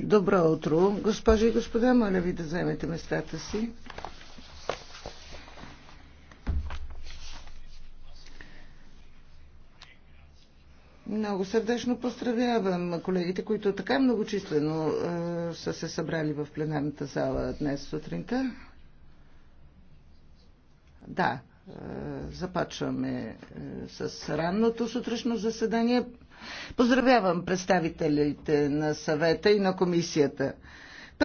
Добро утро, госпожи и господа, моля ви да вземете местата си. Много сърдечно поздравявам колегите, които така многочислено е, са се събрали в пленарната зала днес сутринта. Да, е, започваме е, с ранното сутрешно заседание. Поздравявам представителите на съвета и на комисията.